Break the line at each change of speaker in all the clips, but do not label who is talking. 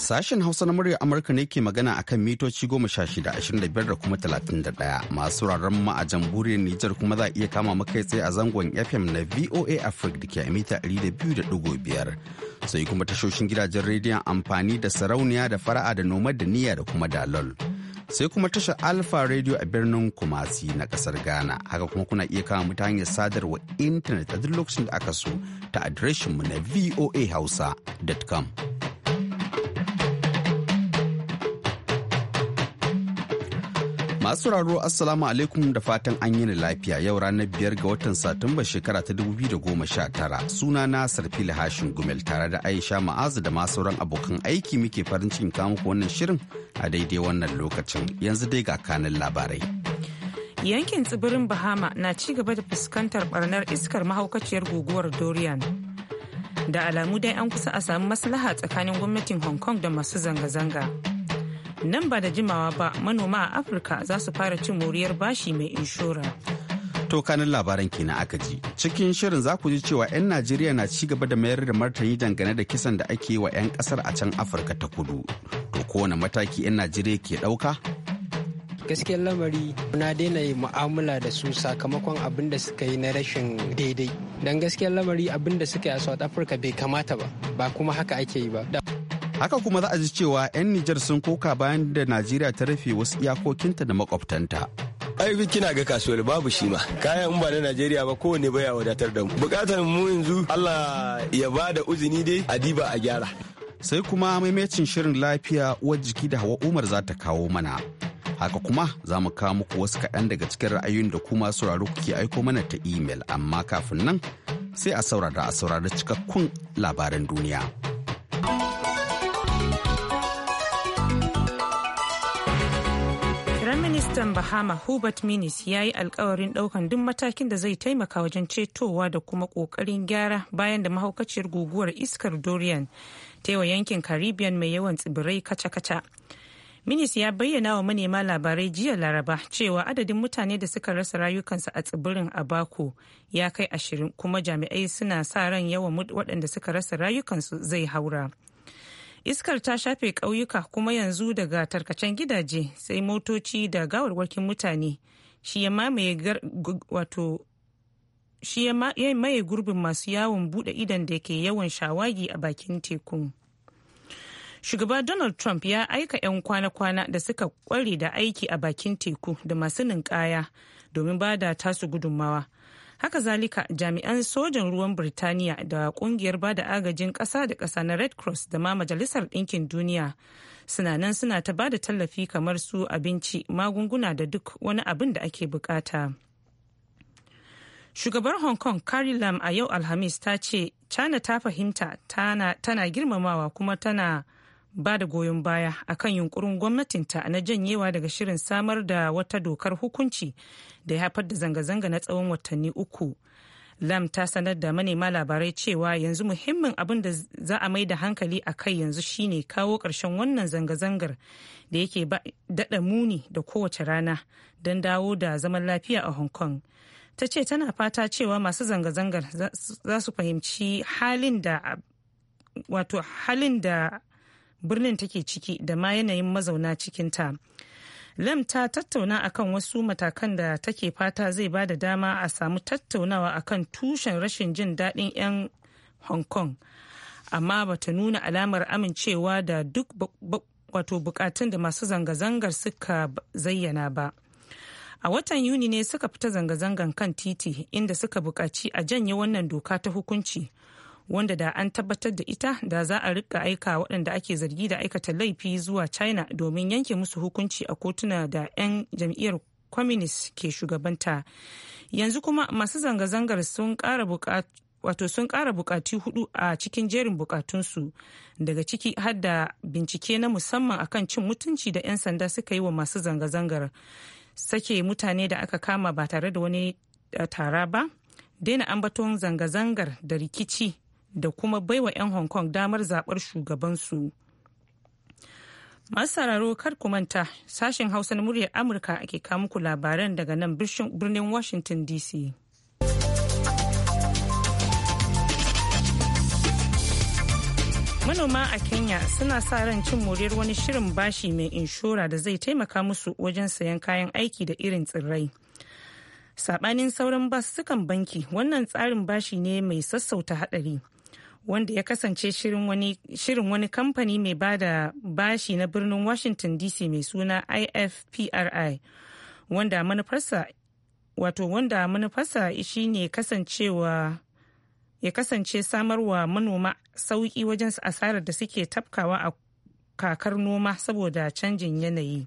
Sashen Hausa na muryar Amurka ne ke magana a kan mitoci goma sha shida ashirin da biyar da kuma talatin da ɗaya masu wuraren mu a jamhuriyar Nijar kuma za a iya kama kai tsaye a zangon FM na VOA Africa da ke a mita ɗari da biyu da ɗigo biyar. Sai kuma tashoshin gidajen rediyon amfani da sarauniya da fara'a da nomad da niyya da kuma dalol. Sai kuma tashar Alpha Radio a birnin Kumasi na kasar Ghana. Haka kuma kuna iya kama mu ta hanyar sadarwa intanet a duk lokacin da aka so ta adireshinmu na voahausa.com. Masu sauraro Assalamu alaikum da fatan an yi lafiya yau ranar biyar ga watan Satumba shekara ta dubu biyu da goma sha tara suna na Sarfili Hashin Gumel tare da Aisha Ma'azu da masu sauran abokan aiki muke farin cikin kamuku wannan shirin a daidai wannan lokacin yanzu dai ga kanin labarai.
Yankin tsibirin Bahama na ci gaba da fuskantar barnar iskar mahaukaciyar guguwar Dorian. Da alamu dai an kusa a samu maslaha tsakanin gwamnatin Hong Kong da masu zanga-zanga. nan ba da jimawa ba manoma a afirka za su fara cin moriyar bashi mai inshora
to kanin labaran kenan aka ji cikin shirin za ku ji cewa 'yan najeriya na ci gaba da mayar da martani dangane da kisan da ake yi wa 'yan kasar a can afirka ta kudu to kowane mataki 'yan najeriya ke ɗauka
gaskiyar lamari na daina mu'amala da su sakamakon abin da suka yi na rashin daidai don gaskiyar lamari abin da suka yi a south africa bai kamata ba ba
kuma haka ake yi ba da
haka kuma za a ji cewa 'yan nijar sun koka bayan da najeriya ta rufe wasu iyakokinta da makwabtanta
ai kina ga kasuwar babu shi ma kayan in ba na najeriya ba kowane baya wadatar da mu bukatar mu yanzu allah ya ba da uzini dai a diba a gyara
sai kuma maimacin shirin lafiya uwar jiki da hawa umar za ta kawo mana haka kuma za mu kawo muku wasu kaɗan daga cikin ra'ayoyin da kuma sauraro kuke aiko mana ta imel amma kafin nan sai a saurara a saurara cikakkun labaran duniya.
Bahama Hubert Minis ya yi alkawarin daukan duk matakin da zai taimaka wajen cetowa da kuma kokarin gyara bayan da mahaukaciyar guguwar iskar Dorian ta wa yankin Caribbean mai yawan tsibirai kaca-kaca. Minis ya bayyana wa manema labarai jiya Laraba cewa adadin mutane da suka rasa rayukansu a tsibirin Abaku ya kai ashirin kuma jami'ai suna sa ran yawan waɗanda suka rasa rayukansu zai haura. iskar ta shafe ƙauyuka kuma yanzu daga tarkacen gidaje sai motoci da gawarwakin mutane shi ya maye gurbin masu yawon bude idan da ke yawan shawagi a bakin teku shugaba donald trump ya aika 'yan kwana-kwana da suka kware da aiki a bakin teku da masu ninkaya domin ba da tasu gudunmawa haka zalika jami'an sojan ruwan birtaniya da kungiyar ba da agajin kasa da kasa na red cross da ma majalisar ɗinkin duniya suna nan suna ta ba da tallafi kamar su abinci magunguna da duk wani abin da ake bukata. shugabar hong kong carrie lam a yau alhamis ta ce china ta fahimta tana girmamawa kuma tana ba da goyon baya a kan yunkurin gwamnatinta na janyewa daga shirin samar da wata dokar hukunci da ya haifar da zanga-zanga na tsawon watanni uku lam ta sanar da manema labarai cewa yanzu muhimmin abin da za a mai da hankali a kai yanzu shine kawo ƙarshen wannan zanga-zangar da yake daɗa muni da kowace rana don dawo da zaman lafiya a hong kong ta ce tana fata cewa masu zanga-zangar za su fahimci halin da wato halin da birnin take ciki da ma yanayin mazauna cikinta. Lem ta tattauna akan wasu matakan da take fata zai ba da dama a samu tattaunawa akan tushen rashin jin daɗin 'yan Hong Kong. Amma ba ta nuna alamar amincewa da duk wato bukatun da masu zanga-zangar suka zayyana ba. A watan Yuni ne suka fita zanga-zangan kan titi inda suka buƙaci a janye wannan doka ta hukunci wanda da an tabbatar da ita da za a rika aika waɗanda ake zargi da aikata laifi zuwa china domin yanke musu hukunci a kotuna da 'yan jam'iyyar communist ke shugabanta yanzu kuma masu zanga-zangar sun ƙara wato sun ƙara bukatu hudu a cikin jerin bukatunsu daga ciki har da bincike na musamman akan cin mutunci da 'yan sanda suka yi wa masu zanga-zangar sake mutane da aka kama ba tare da wani eh, tara ba daina ambaton zanga-zangar da rikici da kuma baiwa 'yan hong kong damar zaɓar shugabansu masu masararo kar ku manta sashen hausa na muryar amurka ake muku labaran daga nan birnin washington dc manoma a kenya suna sa ran cin moriyar wani shirin bashi mai inshora da zai taimaka musu wajen sayan kayan aiki da irin tsirrai sabanin sauran sukan banki wannan tsarin bashi ne mai sassauta hadari wanda ya kasance shirin wani kamfani mai ba da bashi na birnin washington dc mai suna ifpri wanda manufarsa wato wanda manufarsa shine kasancewa ya kasance samarwa manoma sauƙi wajen asarar da suke tafkawa a kakar noma saboda canjin yanayi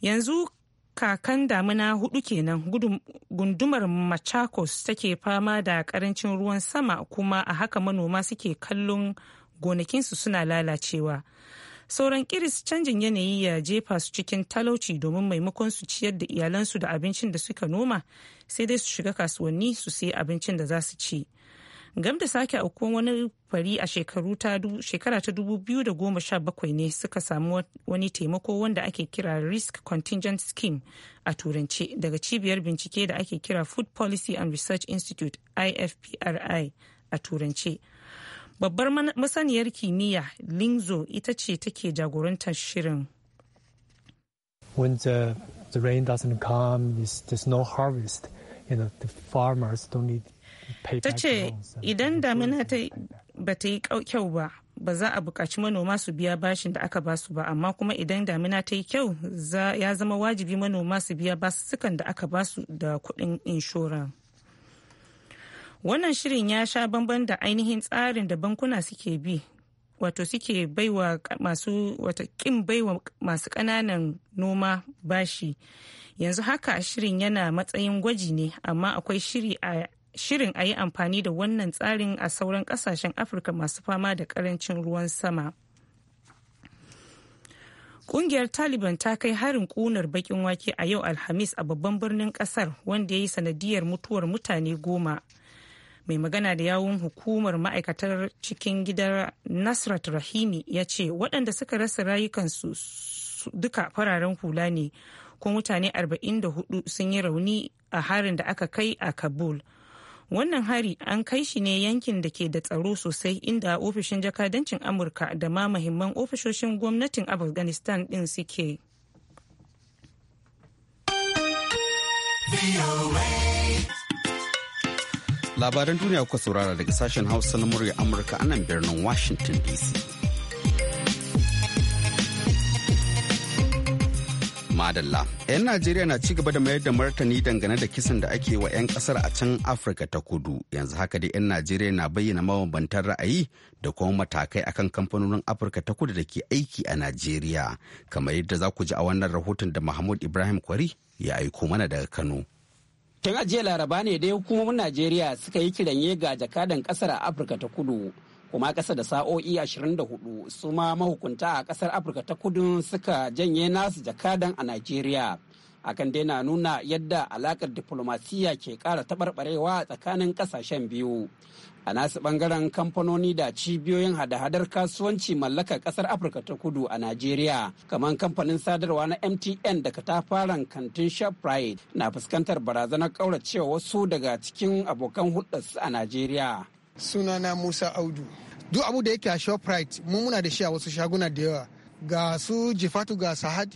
yanzu kakan damuna hudu kenan gundumar machakos take fama da karancin ruwan sama kuma a haka manoma suke kallon gonakinsu suna lalacewa sauran kiris canjin yanayi ya jefa su cikin talauci domin maimakon su ciyar da iyalansu da abincin da suka noma sai dai su shiga kasuwanni su sayi abincin da za su ci. gam da sake aukuwan wani fari a shekara ta dubu biyu da goma sha bakwai ne suka samu wani taimako wanda ake kira risk contingent scheme a turance daga cibiyar bincike da ake kira food policy and research institute ifpri a turance babbar masaniyar kimiyya lingzo ita ce take jagorantar shirin
the rain doesn't come there's no harvest you know the farmers don't need
ta ce idan damina ba ta yi kyau ba ba za a buƙaci manoma su biya bashin da aka basu ba amma kuma idan damina ta yi kyau ya zama wajibi manoma su biya basussukan da aka basu da kuɗin inshora. wannan shirin ya sha bamban da ainihin tsarin da bankuna suke bi wato suke baiwa masu wata kin baiwa masu ƙananan noma bashi yanzu haka shirin yana matsayin gwaji ne amma akwai shiri a shirin a yi amfani da wannan tsarin a sauran kasashen afirka masu fama da karancin ruwan sama kungiyar taliban ta kai harin kunar bakin wake a yau alhamis a babban birnin kasar wanda ya yi sanadiyar mutuwar mutane goma mai magana da yawun hukumar ma'aikatar cikin gidan nasrat rahimi ya ce waɗanda suka rasa rayukansu duka fararen hula ne ko mutane 44 sun yi rauni a harin da aka kai a kabul wannan hari an kai shi ne yankin da ke da tsaro sosai inda ofishin jakadancin amurka da ma mahimman ofishoshin gwamnatin afghanistan din suke
labaran duniya kuka saurara daga sashen hausa na murya amurka anan birnin washington dc Madalla. 'Yan Najeriya na ci gaba da mayar da martani dangane da kisan da ake wa 'yan kasar a can Afirka ta kudu. Yanzu haka dai 'yan Najeriya na bayyana mabambantan ra'ayi da kuma matakai akan kamfanonin Afirka ta kudu da ke aiki a Najeriya. Kamar yadda za ku ji a wannan rahoton da Mahmud Ibrahim Kwari ya aiko mana daga Kano.
Tun ajiya laraba ne dai hukumomin Najeriya suka yi kiranye ga jakadan kasar a Afirka ta kudu. kuma ƙasa da sa'o'i 24 su ma mahukunta a ƙasar afirka ta kudu suka janye nasu jakadan a najeriya akan dai na nuna yadda alakar diplomasiya ke ƙara taɓarɓarewa tsakanin ƙasashen biyu a nasu ɓangaren kamfanoni da cibiyoyin hada-hadar kasuwanci mallakar ƙasar afirka ta kudu a najeriya kamar kamfanin sadarwa na mtn da fara kantin shoprite na fuskantar barazanar ƙauracewa wasu daga cikin abokan hulɗarsu a najeriya
sunana musa audu duk abu da yake a shoprite mu muna da shi a wasu shaguna da yawa ga su jifatu ga sahad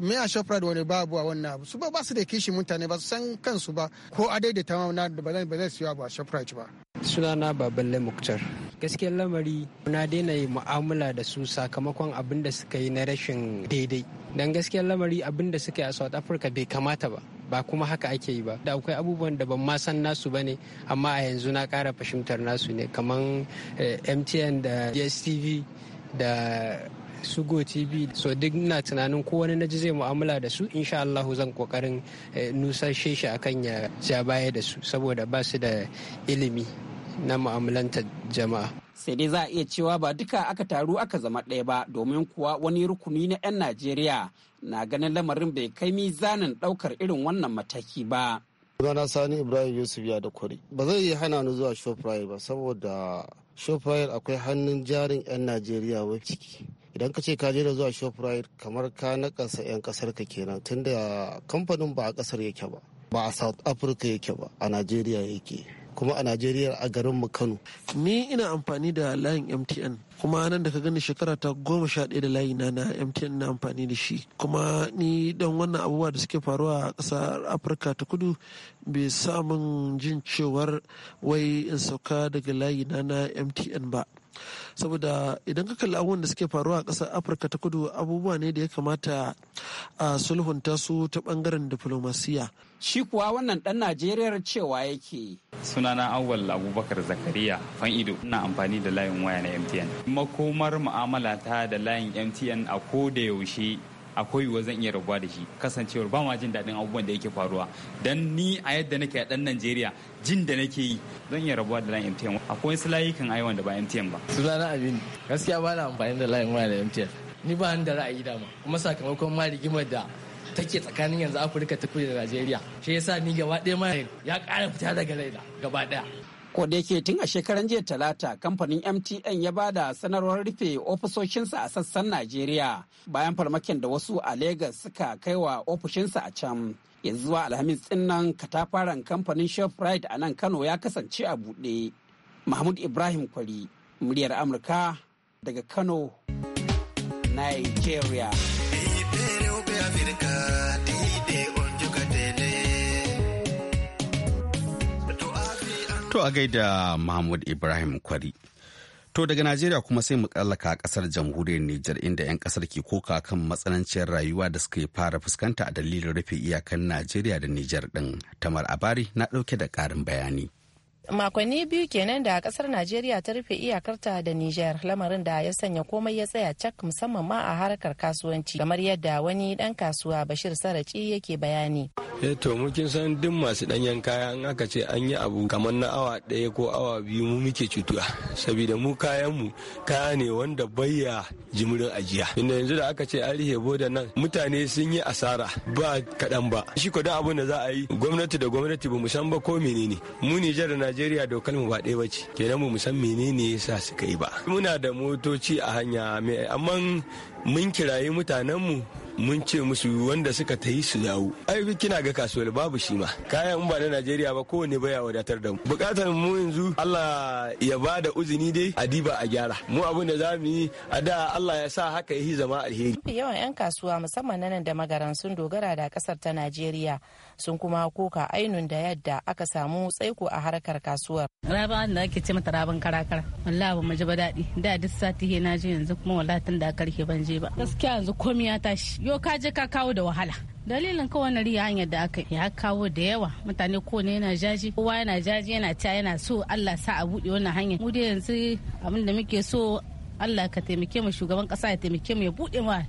me a shoprite wani babu a wannan abu su ba su da kishi mutane ba su san kansu ba ko a ta mauna da ba zan siya ba a shoprite ba
sunana baballe muktar gaskiyar lamari na daina yi mu'amala da su sakamakon abin da suka yi na rashin daidai don gaskiyar lamari abin da suka yi a south africa bai kamata ba ba kuma haka ake yi ba da akwai abubuwan da ban ma san nasu ba ne amma a yanzu na kara fashimtar nasu ne kamar eh, mtn da dstv da sugo tv so duk na tunanin ko wani ji zai mu'amala da su insha allahu zan kokarin eh, nusashe shi akan ya ja baya da su saboda ba su da ilimi na mu'amalantar jama'a sai dai za a iya cewa ba duka aka taru aka zama ɗaya ba domin kuwa wani rukuni na 'yan najeriya na ganin lamarin bai kai mizanin ɗaukar irin wannan mataki ba Sunana Sani Ibrahim Yusuf ya da kwari. Ba zai yi hana ni zuwa Shoprite ba saboda Shoprite akwai hannun jarin 'yan Najeriya wai ciki. Idan ka ce ka je da zuwa Shoprite kamar ka ƙasa 'yan kasar ka kenan tunda kamfanin ba a kasar yake ba. Ba a South Africa yake ba a Najeriya yake. kuma a najeriya a garin mu kano ni ina amfani da layin mtn kuma nan da ka gani shekara ta goma sha ɗaya da layi na na mtn na amfani da shi kuma
ni dan wannan abubuwa da suke faruwa a ƙasar afirka ta kudu bai samun jin cewar wai in sauka daga layi na na mtn ba saboda idan ka kalli abubuwan da suke faruwa a ƙasar afirka ta kudu abubuwa ne da ya kamata a
sulhunta su ta bangaren diplomasiya. Shi kuwa wannan ɗan Najeriyar
cewa yake. Sunana Awal Abubakar Zakariya fan ido na amfani da layin waya na MTN. Makomar mu'amala ta da layin MTN a ko da yaushe akwai yiwuwa zan iya rabuwa da shi kasancewar ba ma jin daɗin abubuwan da yake faruwa dan ni a yadda nake a ɗan Najeriya jin da nake yi zan iya rabuwa da layin MTN akwai wasu layukan ai wanda ba MTN ba sunana Abin gaskiya ba na amfani da layin waya na MTN ni ba da ra'ayi dama kuma sakamakon ma rigimar da take tsakanin yanzu afirka ta kudu da najeriya shi yasa ni gaba ɗaya ma ya ƙara fita daga laida, gaba ɗaya
ko da yake tun a shekaran jiya talata kamfanin mtn ya bada sanarwar rufe ofisoshinsa a sassan najeriya bayan farmakin da wasu a Legas suka kai wa ofishinsa a can yanzu zuwa alhamis nan katafaren kamfanin shoprite a nan kano ya kasance a buɗe mahmud ibrahim kwari muryar amurka daga kano Nigeria.
To a gaida Mahmud Ibrahim Kwari. To daga Najeriya kuma sai mu tsallaka kasar jamhuriyar Nijar inda 'yan kasar ke koka kan matsananciyar rayuwa da suka fara fuskanta a dalilin rufe iyakan Najeriya da Nijar ɗin. Tamar Abari na ɗauke da ƙarin
bayani. makonni biyu kenan da kasar najeriya ta rufe iyakarta da niger lamarin da ya sanya komai ya tsaya cak musamman ma a harkar kasuwanci kamar yadda wani dan kasuwa
bashir saraci yake bayani
eh to mu san duk masu danyen kaya an aka ce an yi abu kamar na awa ɗaya ko awa biyu mu muke cutuwa saboda mu kayan mu kaya ne wanda bayya jimirin ajiya inda yanzu da aka ce an rufe boda nan mutane sun yi asara ba kaɗan ba shi ko da abin da za a yi gwamnati da gwamnati ba mu san ba ko menene mu nijar da Najeriya dokar mu ba ɗaya bace kenan mu san menene yasa suka yi ba muna da motoci a hanya amma mun kirayi mutanenmu mun ce musu wanda suka ta yi su dawo ai kina ga kasuwar babu shi ma in ba na najeriya ba kowane baya wadatar da mu bukatar mu yanzu allah ya ba da uzini dai a diba a gyara mu abin da za mu yi a da allah ya sa haka ya yi zama alheri
yawan yan kasuwa musamman nan da magaran sun dogara da kasar ta najeriya sun kuma koka ainun da yadda aka samu
tsaiko a harkar kasuwar.
Raba da ake ce mata raban karakara. Wallahi ba maji ba daɗi. Da duk sati he na je yanzu kuma wallahi tun da karke ban je ba. Gaskiya yanzu komai ya tashi. Yo ka je ka kawo da wahala. dalilin kawai na riya hanyar da aka ya kawo da yawa mutane ko ne yana jaji kowa yana jaji yana ta yana so Allah sa a buɗe wannan hanyar mu dai yanzu abinda muke so Allah ka taimake mu shugaban kasa ya taimake mu ya buɗe ma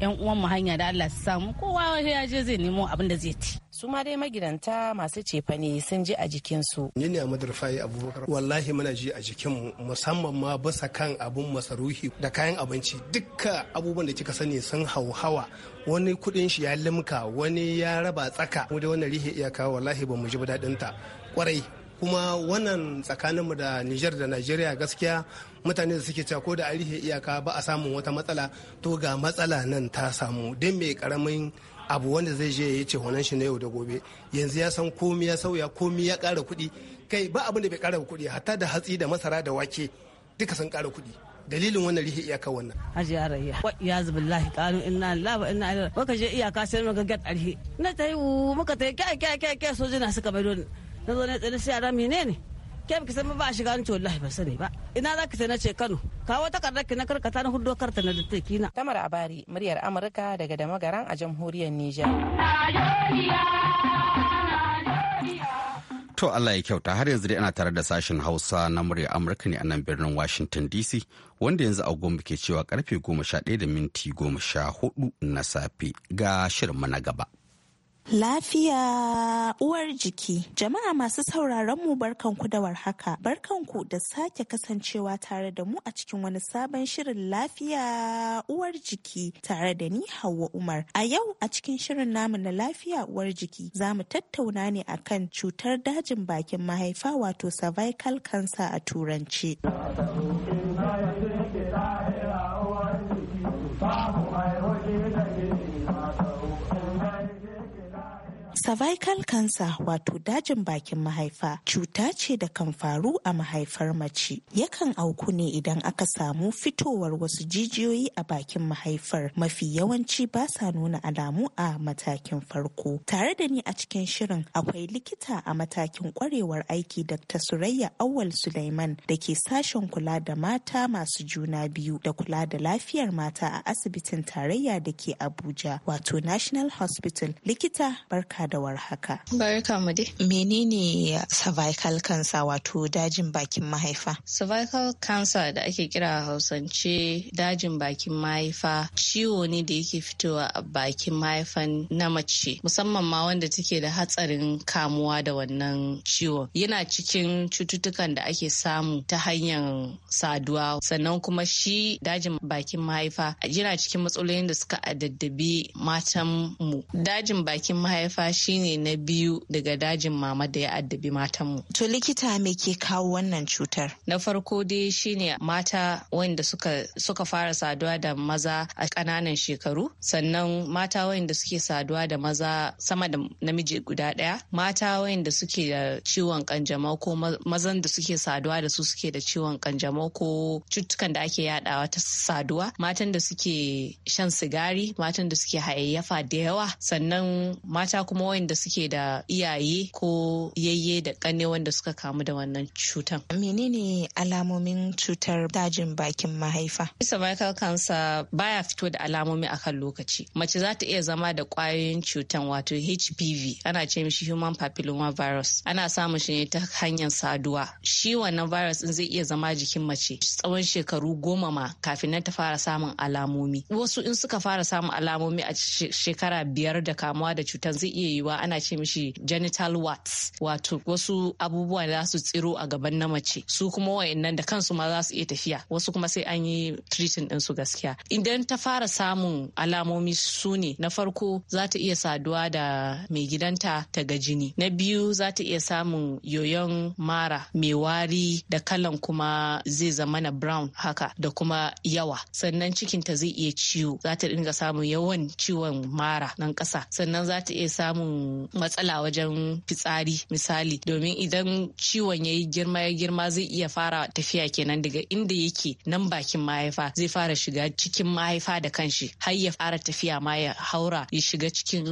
'yan uwan mu hanya da Allah su samu kowa ya je zai nemo abin da zai ci. su ma dai magidanta masu cefane sun ji a jikinsu. Ni ne Ahmad Rufai Abubakar.
Wallahi muna ji a jikinmu musamman ma bisa kan abun masaruhi da kayan abinci dukka abubuwan da kika sani sun hauhawa wani kudin shi ya limka wani ya raba tsaka mu da wannan rihe iyaka wallahi ba mu ji daɗin ta kwarai kuma wannan tsakaninmu da Nijar da Najeriya gaskiya mutane da suke cewa ko da a rihe iyaka ba a samun wata matsala to ga matsala nan ta samu don mai karamin abu wanda zai je ya ce honan shi na yau da gobe yanzu ya san komi ya sauya komi ya kara kuɗi kai ba abin da bai kara kuɗi hatta da hatsi da masara da wake duka sun kara kuɗi dalilin wannan rihe iyaka wannan
hajiya rayya wa ya billahi qalu inna lillahi wa inna ilaihi baka je iyaka sai muka gat arhi na tayi muka tayi kya kya kya sojina suka don na zo ne tsare sai ara menene ke baki san ba a shiga ni wallahi ba sani ba ina za ka sai na ce Kano kawo
takardar ki na karkata na hudo karta na da kina Tamar Abari muryar Amurka daga Damagaran a jamhuriyar niger.
To Allah ya kyauta har yanzu dai ana tare da sashen Hausa na murya Amurka ne a nan birnin Washington DC wanda yanzu a agogo ke cewa karfe goma sha ɗaya da minti goma sha hudu na safe ga shirin na gaba.
Lafiya uwar jiki. Jama'a masu sauraron mu barkanku da warhaka. Barkanku da sake kasancewa tare da mu a cikin wani sabon shirin lafiya uwar jiki tare da ni Hauwa Umar. A yau a cikin shirin namu na lafiya uwar jiki za mu tattauna ne a kan cutar dajin bakin mahaifa wato cervical cancer a turanci. cervical cancer wato dajin bakin mahaifa cuta ce da kan faru a mahaifar mace yakan auku ne idan aka samu fitowar wasu jijiyoyi a bakin mahaifar mafi yawanci ba sa nuna alamu a matakin farko tare da ni a cikin shirin akwai likita a matakin kwarewar aiki dr surayya awal suleiman da ke sashen kula da mata masu juna biyu da kula da lafiyar mata a asibitin tarayya da ke abuja wato national hospital likita barka da da warhaka. Barka mu dai. Menene cervical cancer wato dajin bakin mahaifa?
Cervical cancer da ake kira a hausance dajin bakin mahaifa ciwo ne da yake fitowa a bakin mahaifan na mace musamman ma wanda take da hatsarin kamuwa da wannan ciwo Yana cikin cututtukan da ake samu ta hanyar saduwa sannan kuma shi dajin bakin mahaifa yana cikin matsalolin da suka addabi matan mu. Dajin bakin mahaifa shine na biyu daga dajin mama da ya addabi matanmu.
To likita me ke kawo wannan cutar?
Na farko dai shine mata wanda suka, suka fara saduwa da maza a ƙananan shekaru, sannan mata wanda suke saduwa da maza sama da namiji guda ɗaya, mata wanda suke da ciwon kanjamau ko mazan da suke saduwa da su suke da ciwon kanjamau ko cututtukan da ake yadawa ta saduwa, matan da suke shan sigari, matan da suke hayayyafa da yawa, sannan mata kuma wanda suke da iyaye ko yayye da ƙanne wanda
suka kamu da wannan cutan. Menene alamomin cutar dajin bakin mahaifa?
Cervical cancer baya fito da alamomi akan lokaci. Mace za ta iya zama da kwayoyin cutan wato HPV ana ce mishi human papilloma virus. Ana samun shi ne ta hanyar saduwa. Shi wannan virus in zai iya zama jikin mace tsawon shekaru goma ma kafin nan ta fara samun alamomi. Wasu in suka fara samun alamomi a shekara biyar da kamuwa da cutan zai iya yiwuwa ana ce mishi genital warts wato wasu abubuwa da su tsiro a gaban na mace su kuma wa'annan da kansu ma za su iya tafiya wasu kuma sai an yi treating din su gaskiya idan ta fara samun alamomi su ne na farko za ta iya saduwa da mai gidanta ta ga jini na biyu za ta iya samun yoyon mara mai wari da kalan kuma zai zama na brown haka da kuma yawa sannan cikinta zai iya ciwo za ta dinga samun yawan ciwon mara nan ƙasa sannan za ta iya samun samun matsala wajen fitsari misali domin idan ciwon ya yi girma ya girma zai iya fara tafiya kenan daga inda yake nan bakin mahaifa zai fara shiga cikin mahaifa da kanshi har ya fara tafiya ma ya haura ya shiga cikin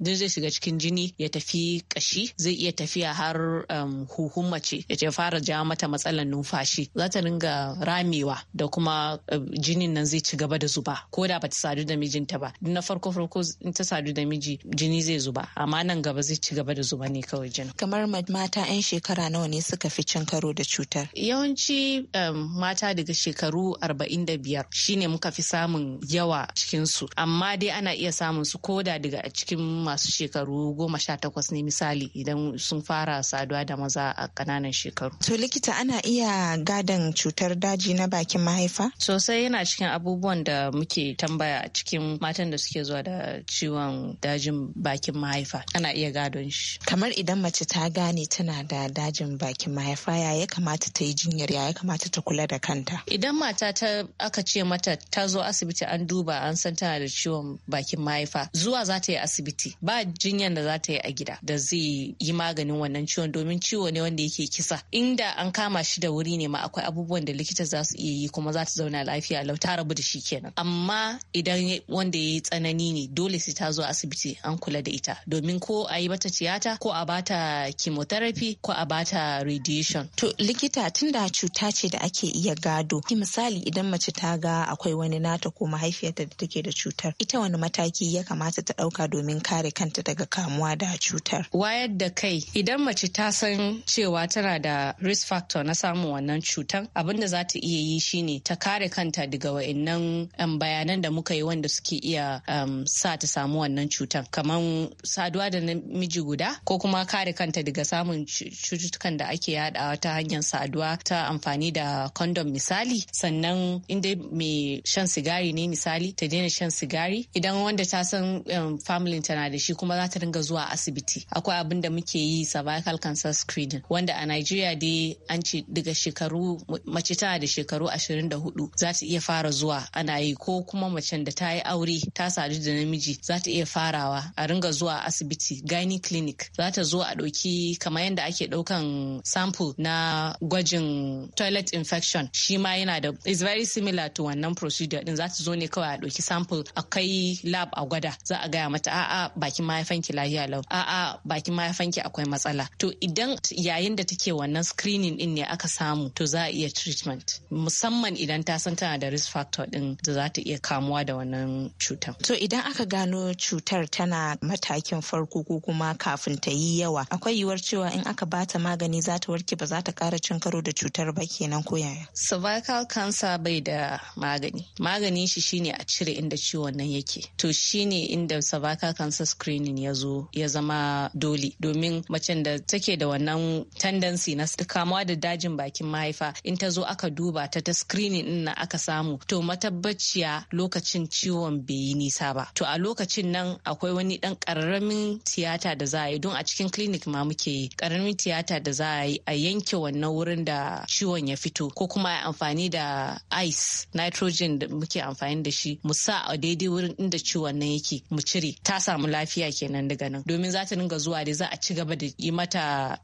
duk zai shiga cikin jini ya tafi kashi zai iya tafiya har um, huhun mace ya fara ja mata matsalar numfashi za ta ringa ramewa da kuma um, jinin nan zai ci gaba da zuba ko da bata sadu da mijinta ba na farko farko in ta sadu da miji jini zai zuba amma nan gaba zai ci gaba da zuba ne kawai jin Kamar mata 'yan
shekara nawa ne suka fi cin karo da cutar?
Yawanci um, mata daga shekaru 45 shine muka fi samun yawa cikin su amma dai ana iya samun su koda daga cikin masu shekaru 18 ne misali idan sun fara saduwa da maza a kananan shekaru. To likita ana
iya gadon cutar daji na bakin mahaifa?
Sosai yana cikin abubuwan da muke tambaya cikin matan da suke zuwa da ciwon dajin bakin bakin mahaifa ana iya gadon shi
kamar idan mace ta gane tana da dajin bakin mahaifa ya ya kamata ta yi jinyar ya ya kamata ta kula da kanta
idan mata ta aka ce mata ta zo asibiti an duba an san tana da ciwon bakin mahaifa zuwa za ta yi asibiti ba jinyar da za ta yi a gida da zai yi maganin wannan ciwon domin ciwo ne wanda yake kisa inda an kama shi da wuri ne ma akwai abubuwan da likita za su iya yi kuma za ta zauna lafiya lau ta rabu da shi kenan amma idan wanda ya yi tsanani ne dole sai ta zo asibiti an kula da ita ita domin ko a yi bata tiyata ko a bata chemotherapy ko a
bata radiation. To likita da cuta ce da ake iya gado misali idan mace ta ga akwai wani nata ko mahaifiyarta da take da cutar ita wani mataki ya kamata ta ɗauka domin kare kanta daga kamuwa da cutar.
Wayar da kai idan mace ta san cewa tana da risk factor na samun wannan cutar abin da za ta iya yi shine ta kare kanta daga wa'annan um, bayanan da muka yi wanda suke iya um, sa ta samu wannan cutar kamar saduwa da namiji guda ko kuma kare kanta daga samun cututtukan da ake yadawa ta hanyar saduwa ta amfani da kondom misali sannan inda mai shan sigari ne misali ta daina shan sigari idan wanda ta san um, family ta na da shi kuma za ta ringa zuwa asibiti akwai abin da muke yi cervical cancer screening wanda a Najeriya dai an ce daga shekaru mace tana da shekaru 24 za ta iya fara zuwa ana yi ko kuma macen da ta yi aure ta sadu da namiji za ta iya farawa a ringa zuwa zuwa asibiti gani clinic za ta zo a ɗauki kamar yadda ake ɗaukan sample na gwajin toilet infection shi ma yana da is very similar to wannan procedure din za ta zo ne kawai a ɗauki sample a kai lab a gwada za a gaya mata a'a bakin mahaifanki lahiya lau a'a bakin mahaifanki akwai matsala to idan yayin da take wannan screening din ne aka samu to za a iya treatment musamman idan ta san tana
da risk factor din da za ta iya kamuwa da wannan cutar to idan aka gano cutar tana mata matakin farko ko kuma kafin ta yi yawa akwai yiwuwar cewa in aka bata magani za ta warke ba za ta kara cin karo da cutar ba kenan ko yaya
cervical cancer bai da magani maganin shi shine a cire inda ciwon nan yake to shine inda cervical cancer screening ya zo ya zama dole domin mace da take da wannan tendency na kamuwa da dajin bakin mahaifa in ta zo aka duba ta ta screening din na aka samu to matabbaciya lokacin ciwon bai yi nisa ba to a lokacin nan akwai wani dan karamin tiyata da za a yi don a cikin clinic ma muke yi karamin tiyata da za a yi a yanke wannan wurin da ciwon ya fito ko kuma a amfani da ice nitrogen da muke amfani da shi mu sa a daidai wurin inda ciwon nan yake mu cire ta samu lafiya kenan daga nan domin za ta ringa zuwa da za a ci gaba da yi mata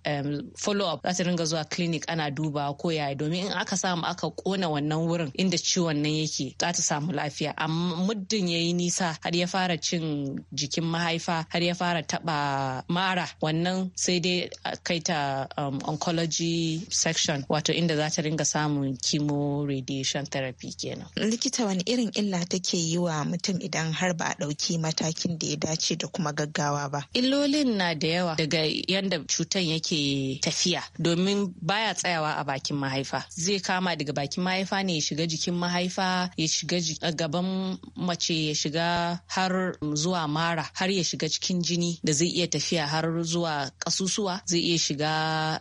follow up za ta ringa zuwa clinic ana duba ko yaya domin in aka samu aka kona wannan wurin inda ciwon nan yake za ta samu lafiya amma muddin ya yi nisa har ya fara cin jikin mahaifa har ya fara taba mara wannan sai dai kai ta um, oncology section wato inda za ta ringa samun chemo radiation therapy kenan
likita wani irin illa take yi wa mutum idan har ba a ɗauki matakin da ya dace da kuma gaggawa ba
illolin na da yawa daga yanda cutan yake tafiya domin baya tsayawa a bakin mahaifa zai kama daga bakin mahaifa ne ya shiga jikin mahaifa ya shiga gaban mace ya shiga har zuwa mara har ya shiga cikin jini da zai iya tafiya har zuwa kasusuwa zai iya shiga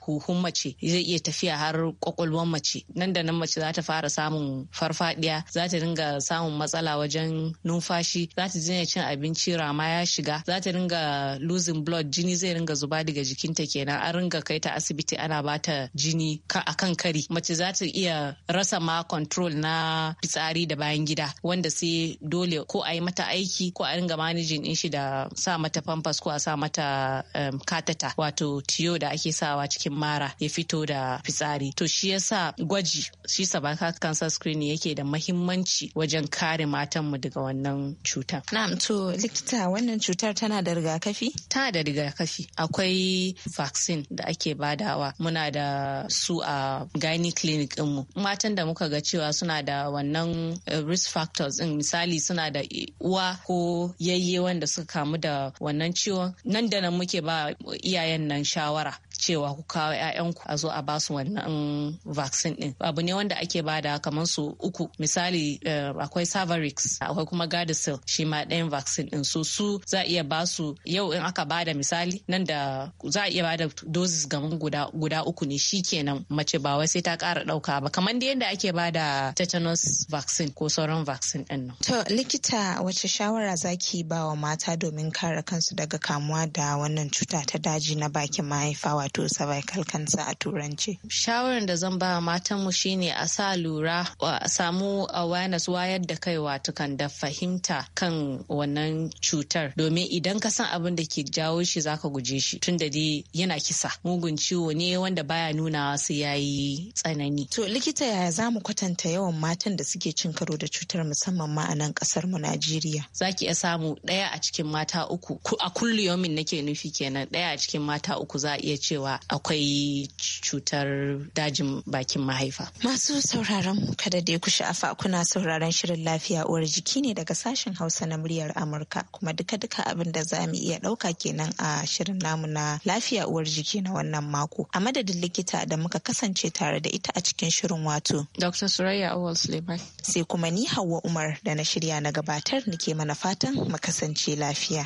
huhun mace zai iya tafiya har kwakwalwan mace nan da nan mace za ta fara samun farfadiya za ta dinga samun matsala wajen numfashi za ta dinga cin abinci rama ya shiga za ta dinga losing blood jini zai dinga zuba daga jikinta kenan an ringa kai ta asibiti ana bata jini a kan kari mace za ta iya rasa ma control na fitsari da bayan gida wanda sai dole ko a yi mata aiki ko a ringa managing din shi da sa mata pampers ko a sa mata um, katata wato tiyo da ake sawa cikin mara ya fito da fitsari to shi yasa gwaji shi sabaka cancer screening yake da mahimmanci wajen kare matanmu daga wannan cutar na'am
to likita wannan cutar
tana da rigakafi tana da rigakafi akwai vaccine da ake badawa muna da su a gani clinic ɗinmu matan da muka ga cewa suna da wannan uh, risk factors din misali suna da uwa ko yayye wanda suka kamu da wannan ciwon nan da nan muke ba iyayen nan shawara cewa ku kawo 'ya'yanku a zo a ba su wannan vaccine din abu ne wanda ake bada kamar su uku misali eh, akwai savarix akwai kuma gardasil shi ma ɗayan vaccine din so su za a iya ba su yau in aka bada misali nan da za a iya bada doses gaman guda guda uku ne shi kenan mace ba wai sai ta kara ɗauka ba kamar da yadda ake ba da tetanus vaccine ko sauran vaccine din nan.
To likita wace shawara zaki ba wa mata domin kare kansu daga kamuwa da wannan cuta ta daji na bakin mahaifa wato cervical cancer a turanci. Shawarar da zan ba matan mu shine a sa lura a samu
awareness wayar da kai wato kan da fahimta kan wannan cutar domin idan ka san abin da ke jawo shi zaka guje shi tun da dai yana kisa mugun ciwo ne wanda
baya nuna su yayi tsanani. To likita yaya zamu kwatanta yawan matan da suke cin karo da cutar musamman ma a nan kasar mu Najeriya? Zaki iya samu ɗaya a cikin mata
uku a kullu yomin nake nufi kenan ɗaya a cikin mata uku za a iya cewa cewa akwai
cutar dajin bakin mahaifa. Masu sauraron kada dai ku sha'afa kuna sauraron shirin lafiya uwar jiki ne daga sashen Hausa na muryar Amurka kuma duka-duka abin da za mu iya ɗauka kenan a shirin namu na lafiya uwar jiki na wannan mako. A madadin likita da muka kasance tare da ita a cikin shirin wato. Dr. Suraya Awal Suleiman. Sai kuma ni Hauwa Umar da na shirya na gabatar nike mana fatan mu kasance lafiya.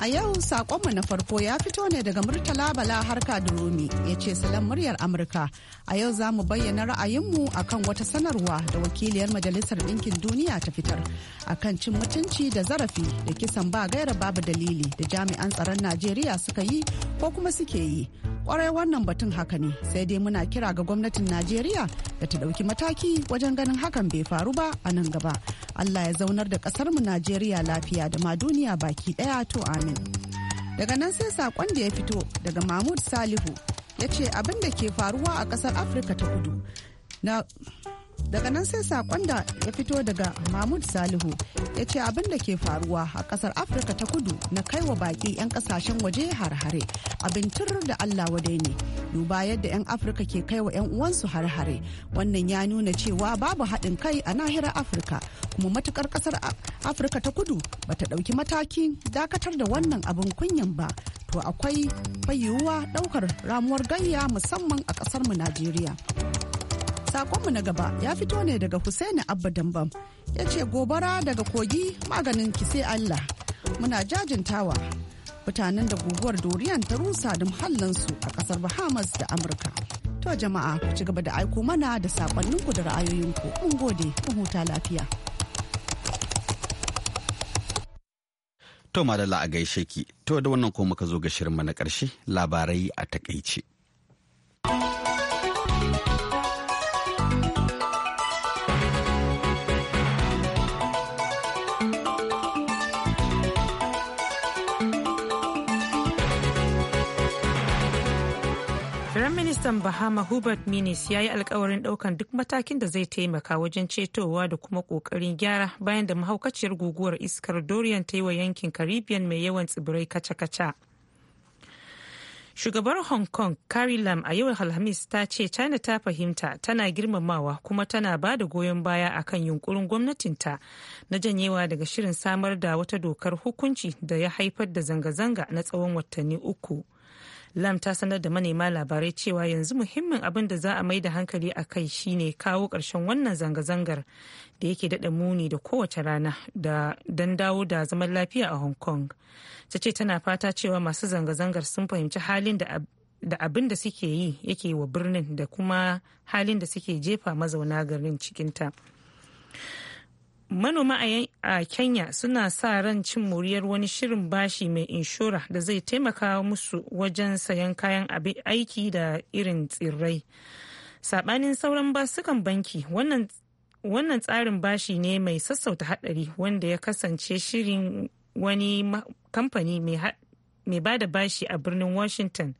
A yau sakonmu na farko ya fito ne daga Murtala Bala harka rumi ya ce salon muryar Amurka. A yau za mu bayyana ra'ayinmu a kan wata sanarwa da wakiliyar Majalisar Ɗinkin Duniya ta fitar a kan cin mutunci da zarafi da kisan ba gaira babu dalili da jami'an tsaron Najeriya suka yi ko kuma suke yi. Kwarai wannan batun haka ne sai dai muna kira ga gwamnatin Najeriya da ta ɗauki mataki wajen ganin hakan bai faru ba a nan gaba. Allah ya zaunar da ƙasarmu Najeriya lafiya da ma duniya baki ɗaya to amin. daga nan sai sakon da ya fito daga mahmud salihu ya ce abin da ke faruwa a kasar afirka ta kudu daga nan sai sakon da ya fito daga mahmud salihu ya ce abin da ke faruwa a kasar afirka ta kudu na kaiwa baki 'yan kasashen waje har-hare abin tur da allah wadai ne duba yadda 'yan afirka ke kai wa 'yan uwansu har-hare wannan ya nuna cewa babu haɗin kai a nahiyar afirka kuma matukar kasar afirka ta kudu ba ta ɗauki mataki dakatar da wannan abin kunyan ba to akwai fayuwa ɗaukar ramuwar gayya musamman a ƙasarmu najeriya Sakonmu na gaba ya fito ne daga Husaini Abba Dambam ya ce gobara daga kogi maganin ki Allah. Muna jajintawa mutanen da guguwar doriyan ta rusa da muhallansu a kasar Bahamas da Amurka. To jama'a ku ci gaba da aiko mana da sakonninku da ra'ayoyinku. Mun gode, mu huta lafiya.
To madalla a gaishe ki, to da wannan ko muka zo ga shirinmu na karshe labarai a takaice.
ministan bahama hubert minis ya yi alkawarin daukan duk matakin da zai taimaka wajen cetowa da kuma kokarin gyara bayan da mahaukaciyar guguwar iskar dorian ta yi wa yankin caribbean mai yawan tsibirai kaca-kaca shugabar hong kong carrie lam a yau alhamis ta ce china ta fahimta tana girmamawa kuma tana ba da goyon baya akan yunkurin gwamnatinta na janyewa daga shirin samar da wata dokar hukunci da ya haifar da zanga-zanga na tsawon watanni uku. lam ta sanar da manema labarai cewa yanzu muhimmin abin da za a mai da hankali a kai shine kawo ƙarshen wannan zanga-zangar da yake daɗa muni da kowace rana don dawo da zaman lafiya a hong kong ta ce tana fata cewa masu zanga-zangar sun fahimci halin da da abin da suke yi yake wa birnin da kuma halin da suke jefa mazauna garin cikinta. manoma a kenya suna sa ran cin moriyar wani shirin bashi mai inshora da zai taimaka musu wajen sayan kayan aiki da irin tsirrai sabanin sauran basukan banki wannan tsarin bashi ne mai sassauta hadari wanda ya kasance shirin wani kamfani mai ba da bashi a birnin washington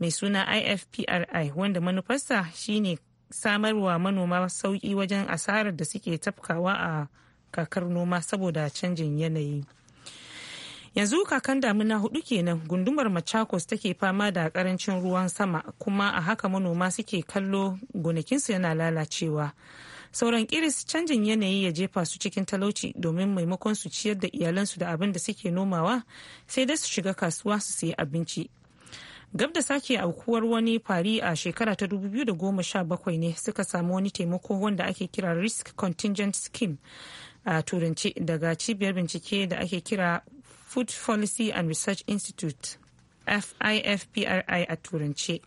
mai suna ifpri wanda manufarsa shine samarwa manoma sauƙi wajen asarar da suke tafkawa a kakar noma saboda canjin yanayi yanzu kakan damuna hudu kenan gundumar machakos take fama da karancin ruwan sama kuma a haka manoma suke kallo gonakinsu yana lalacewa sauran kiris canjin yanayi ya jefa su cikin talauci domin maimakon su ciyar da iyalansu da abin da suke nomawa sai dai su shiga kasuwa su sayi abinci gab da sake aukuwar wani fari a shekara ta 2017 ne suka samu wani taimako wanda ake kira risk contingent scheme a turanci daga cibiyar bincike da ake kira food policy and research institute fifpri a turance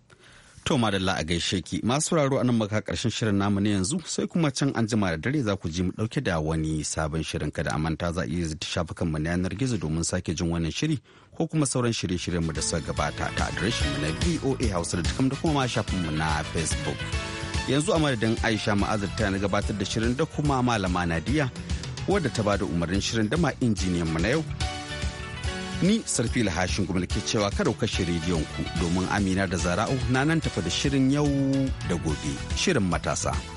To madalla a gaishe ki masu sauraro anan maka karshen shirin namu na yanzu sai kuma can an jima da dare za ku ji mu dauke da wani sabon shirin kada amanta za a iya zita shafukan mu na yanar gizo domin sake jin wannan shiri ko kuma sauran shirye-shiryen mu da suka gabata ta adireshin mu na VOA Hausa da da kuma ma shafin mu na Facebook. Yanzu a madadin Aisha Ma'azir ta na gabatar da shirin da kuma Malama Nadiya wadda ta bada umarnin shirin da ma injiniyan mu na yau Ni Sarfila Hashin kuma ke cewa kada ku kashe rediyon domin Amina da Zara'u na nan tafa da shirin yau da gobe, shirin matasa.